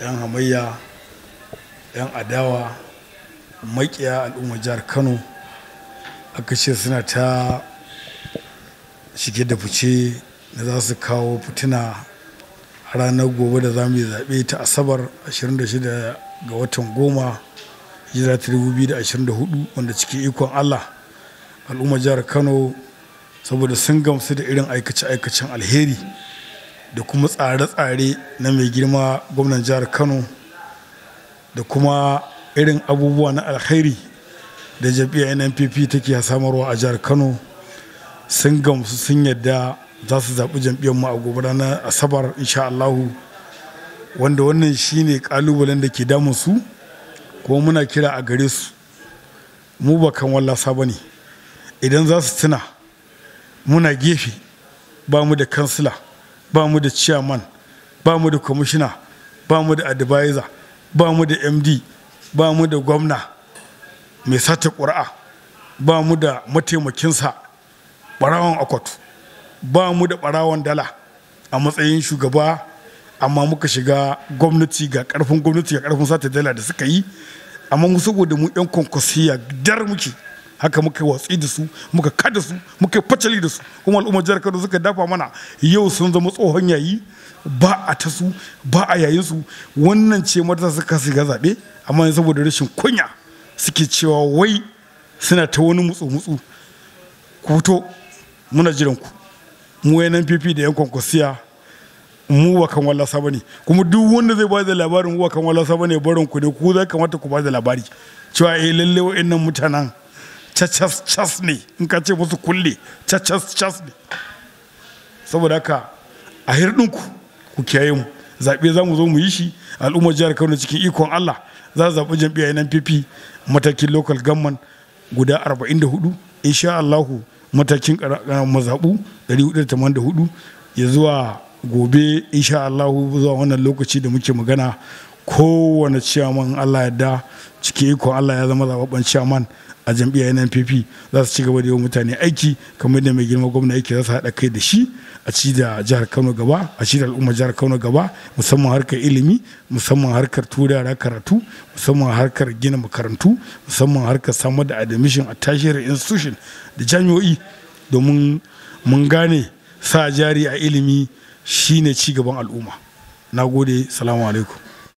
'yan hamayya 'yan adawa makiya al'ummar jihar kano aka ce suna ta shige da fice da za su kawo fitina ranar gobe da za mu yi zaɓe ta asabar 26 ga watan goma jira 2024 wanda cikin ikon allah al'ummar jihar kano saboda sun gamsu da irin aikace-aikacen alheri da kuma tsare-tsare na mai girma gwamnan jihar kano da kuma irin abubuwa na alkhairi da jam'iyyar nnpp take samarwa a jihar kano sun gamsu sun yadda za su zaɓi jam'iyyarmu mu a gobe ranar asabar insha allahu wanda wannan shine ƙalubalen da ke damun su kuma muna kira a gare su mu ba kan wallasa ba ne idan za su tuna muna gefe ba mu da kansila ba mu da chairman ba mu da commissioner ba mu da advisor ba mu da md ba mu da gwamna mai sata ƙura'a ba mu da mataimakinsa ɓarawon akwatu ba mu da ɓarawon dala a matsayin shugaba amma muka shiga gwamnati ga ƙarfin gwamnati ga karfin sata dala da suka yi amma saboda mu 'yan kwankwasiya dar muke haka muka watsi da su muka kada su muka facali da su kuma al'ummar jihar Kano suka dafa mana yau sun zama tsohon yayi ba a ta su ba a yayin su wannan ce mata suka shiga zaɓe amma saboda rashin kunya suke cewa wai suna ta wani mutsu-mutsu ku to muna jiran ku mu yanan fifi da yan kwankwasiya mu wa kan sa bane kuma duk wanda zai ba da labarin mu ba kan sa bane barin ku ne ku zai kamata ku ba da labari cewa eh lalle wa'annan mutanen cacas cas ne in ka ce musu kulle cas cas ne saboda haka a hirɗinku ku kiyaye mu zaɓe za mu zo mu yi shi al'ummar jihar kano cikin ikon allah za su zaɓi jam'iyyar npp matakin local government guda 44 insha allahu matakin mazaɓu 484 ya zuwa gobe insha allahu zuwa wannan lokaci da muke magana kowane ciyaman Allah ya da cike ikon Allah ya zama zababban ciyaman a jam'iyyar NNPP za su ci gaba da yi mutane aiki kamar da mai girma gwamna yake za su haɗa kai da shi a ci da jihar Kano gaba a ci da al'ummar jihar Kano gaba musamman harkar ilimi musamman harkar turara karatu musamman harkar gina makarantu musamman harkar samar da admission a tashiyar institution da jami'o'i domin mun gane sa jari a ilimi shine ci gaban al'umma na gode salamu alaikum